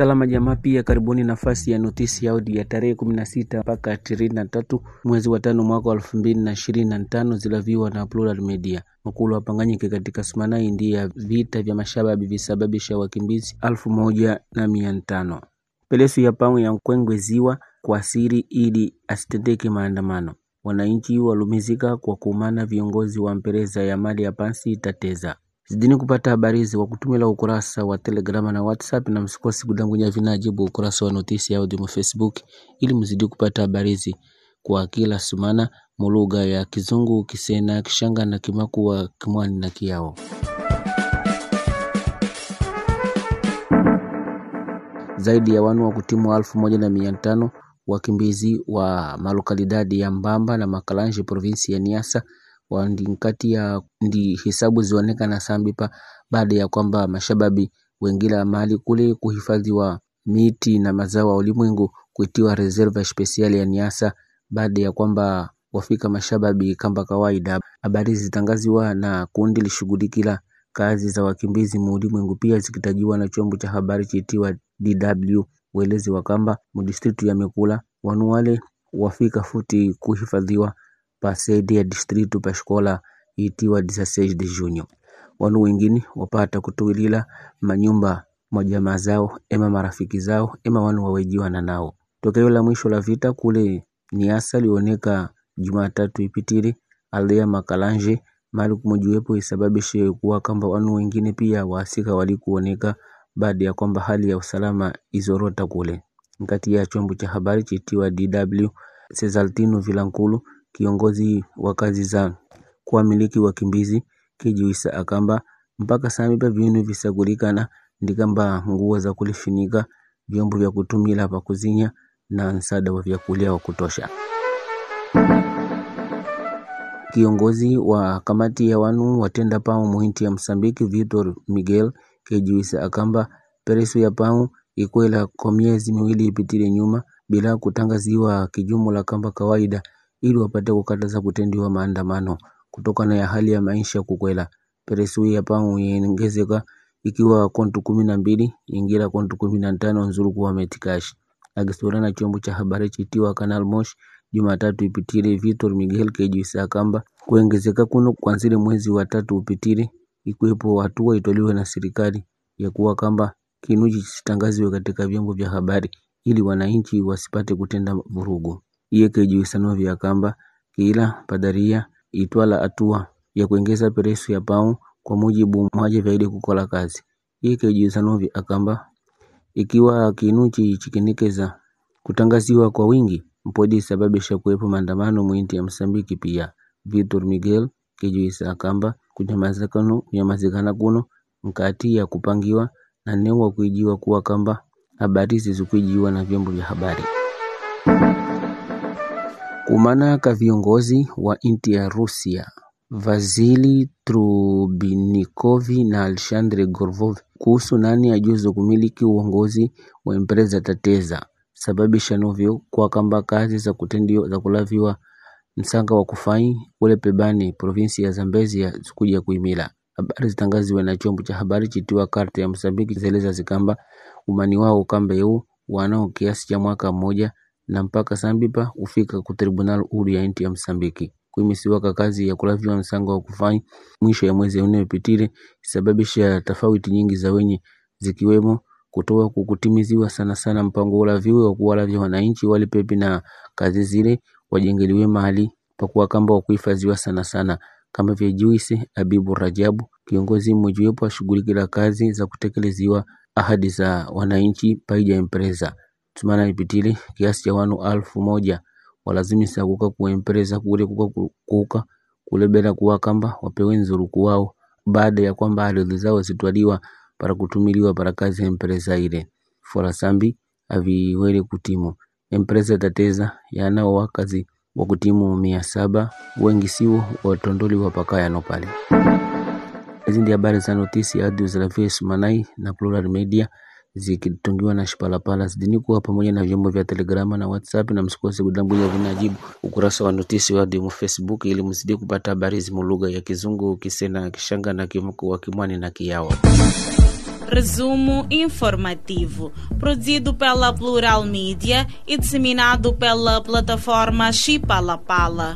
Salama jamaa pia karibuni nafasi ya notisi ya audio ya tarehe 16 mpaka 23 mwezi wa tano mwaka wa 2025 zilaviwa na Plural Media. Mkulu wapanganyike katika Sumanai ya vita vya mashababi visababisha wakimbizi alfu moja na mia tano pelesu ya pau ya Nkwengwe ziwa kwa siri ili asitendeke maandamano. Wananchi walumizika kwa kuumana viongozi wa mpereza ya mali ya pansi itateza Zidini kupata habari hizi kwa kutumia ukurasa wa Telegram na WhatsApp, na msikose kudangunya vinajibu ukurasa wa notisi ya audio Facebook ili mzidi kupata habari hizi kwa kila sumana mulugha ya Kizungu, Kisena, Kishanga na Kimakua, Kimwani na Kiao. Zaidi ya wanu wa kutimwa elfu moja na mia tano wakimbizi wa malokalidadi ya Mbamba na Makalanje, provinsi ya Niasa wa ya ndi hisabu zionekana sambipa baada ya kwamba mashababi wengila mali kule kuhifadhiwa miti na mazao ya ulimwengu kuitiwa reserva spesiali ya Niasa baada ya kwamba wafika mashababi kamba kawaida. Habari zitangaziwa na kundi lishughulikila kazi za wakimbizi muulimwengu pia zikitajiwa na chombo cha habari chitiwa DW welezi wa kamba mudistritu ya Mekula wanuwale wafika futi kuhifadhiwa ya distritu pa escola itiwa "16 de junho", wanu wengine wapata kutuilila manyumba mwa jamaa zao ema marafiki zao ema wanu wawejiwana nao. Tokeo la mwisho la vita kule Niasa lioneka Jumatatu ipitile aliya makalanje mali kumojiwepo isababishe kuwa kamba wanu wengine pia waasika walikuoneka baada ya kwamba hali ya usalama izorota kule. Nkati ya chombo cha habari chitiwa DW Sesaltino Vilankulu kiongozi wa kazi za kuwamiliki wakimbizi kijuisa akamba mpaka samipa vinu visagulikana ndikamba nguo za kulifinika vyombo vya kutumila pakuzinya na nsada wa vyakulia wa kutosha. Kiongozi wa kamati ya wanu watenda pau muhinti ya Msambiki Vitor Miguel kejuisa akamba peresu ya pau ikwela kwa miezi miwili ipitile nyuma bila kutangaziwa kijumula kamba kawaida ili wapate kukataza kutendiwa maandamano kutokana ya hali ya maisha kukwela peresi peresui yapangu yeengezeka ikiwa kontu kumi na mbili yingira kontu kumi na ntano nzuruku wa metikashi agisura na chombo cha habari chitiwa Canal mosh Jumatatu ipitire Vitor Miguel keju kamba kuongezeka kuno kwanzire mwezi wa tatu upitire ikiwepo hatua itoliwe na serikali ya kuwa kamba kinuji chitangaziwe katika vyombo vya habari ili wananchi wasipate kutenda vurugu. Iye kejihusiano vya kamba kiila padharia iitwala atua ya kuengeza peresu ya pau kwa mujibu mwaje mwajevaide kukola kazi, iye kejihusiano vya akamba ikiwa kinuchi chikinikeza kutangaziwa kwa wingi mpodi sababisha kuwepo maandamano mwinti ya Msambiki pia Vitor Miguel kejiwisa akamba kunyamazikana kuno mkati ya kupangiwa na neu wakwijiwa kuwa kamba habari zizikwijiwa na vyombo vya habari ka viongozi wa nchi ya rusia vazili Trubinikov na Alexander Gorvov kuhusu nani ajuzu kumiliki uongozi wa empresa novyo kwa kamba kazi za kulaviwa msanga wa kufai ule pebani provinsi ya ya zikuja kuimila. Habari zitangaziwe na chombo cha habari chitiwa karta ya Msambiki zeleza zikamba umani wao kamba yeu wanao kiasi cha mwaka mmoja na mpaka Sambipa hufika ku Tribunal Huru ya nchi ya Msambiki kwimisiwaka kazi ya kulavyiwa msango wa kufanya mwisho ya mwezi unayopitile sababisha tofauti nyingi za wenye zikiwemo kutoa kukutimiziwa sana sana mpango wa ulaviwe wa kuwalavya wananchi pepi na kazi zile wajengeliwe mahali pa kuwa kamba wa kuhifadhiwa sana sana kama vya Juisi Abibu Rajabu kiongozi mmojawapo ashughulikila kazi za kutekeleziwa ahadi za wananchi paija empresa Tumana lipitile kiasi cha wanu alfu moja walazimisa kuuka ku empresa kule kuuka kulebela kamba wapewe nzurukhu wao baada ya kwamba ardhi zao zitwaliwa para kutumiliwa para kazi empresa ile fora sambi aviwele kutimu empresa tateza yanao wakazi wa kutimu mia saba wengi siwo watondoliwa pakayano pale hizi ndi habari za notisi ya audio za Manai na Plural Media zikitungiwa na shipalapala zidini Sidini kuwa pamoja na vyombo vya Telegrama na Whatsapp na msikose kudambuya Vinajibu, ukurasa wa Notisi dimu Facebook ili mzidi kupata habari zimu lugha ya Kizungu, Kisena, Kishanga na wa Kimwani na kiyawa Resumo informativo, produzido pela Plural Media e disseminado pela plataforma Pala.